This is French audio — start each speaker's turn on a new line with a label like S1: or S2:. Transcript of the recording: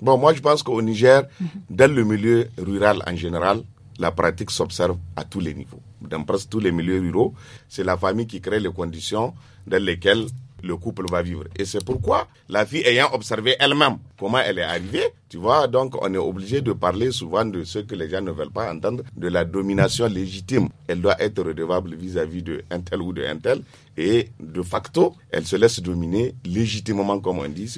S1: Bon, moi, je pense qu'au Niger, dans le milieu rural en général, la pratique s'observe à tous les niveaux. Dans presque tous les milieux ruraux, c'est la famille qui crée les conditions dans lesquelles le couple va vivre. Et c'est pourquoi la fille ayant observé elle-même comment elle est arrivée, tu vois, donc on est obligé de parler souvent de ce que les gens ne veulent pas entendre, de la domination légitime. Elle doit être redevable vis-à-vis d'un tel ou d'un tel. Et de facto, elle se laisse dominer légitimement, comme on dit.